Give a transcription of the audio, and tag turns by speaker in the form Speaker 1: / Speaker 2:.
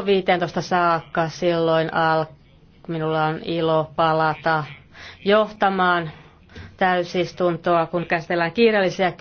Speaker 1: kello 15 saakka. Silloin al- minulla on ilo palata johtamaan täysistuntoa, kun käsitellään kiireellisiä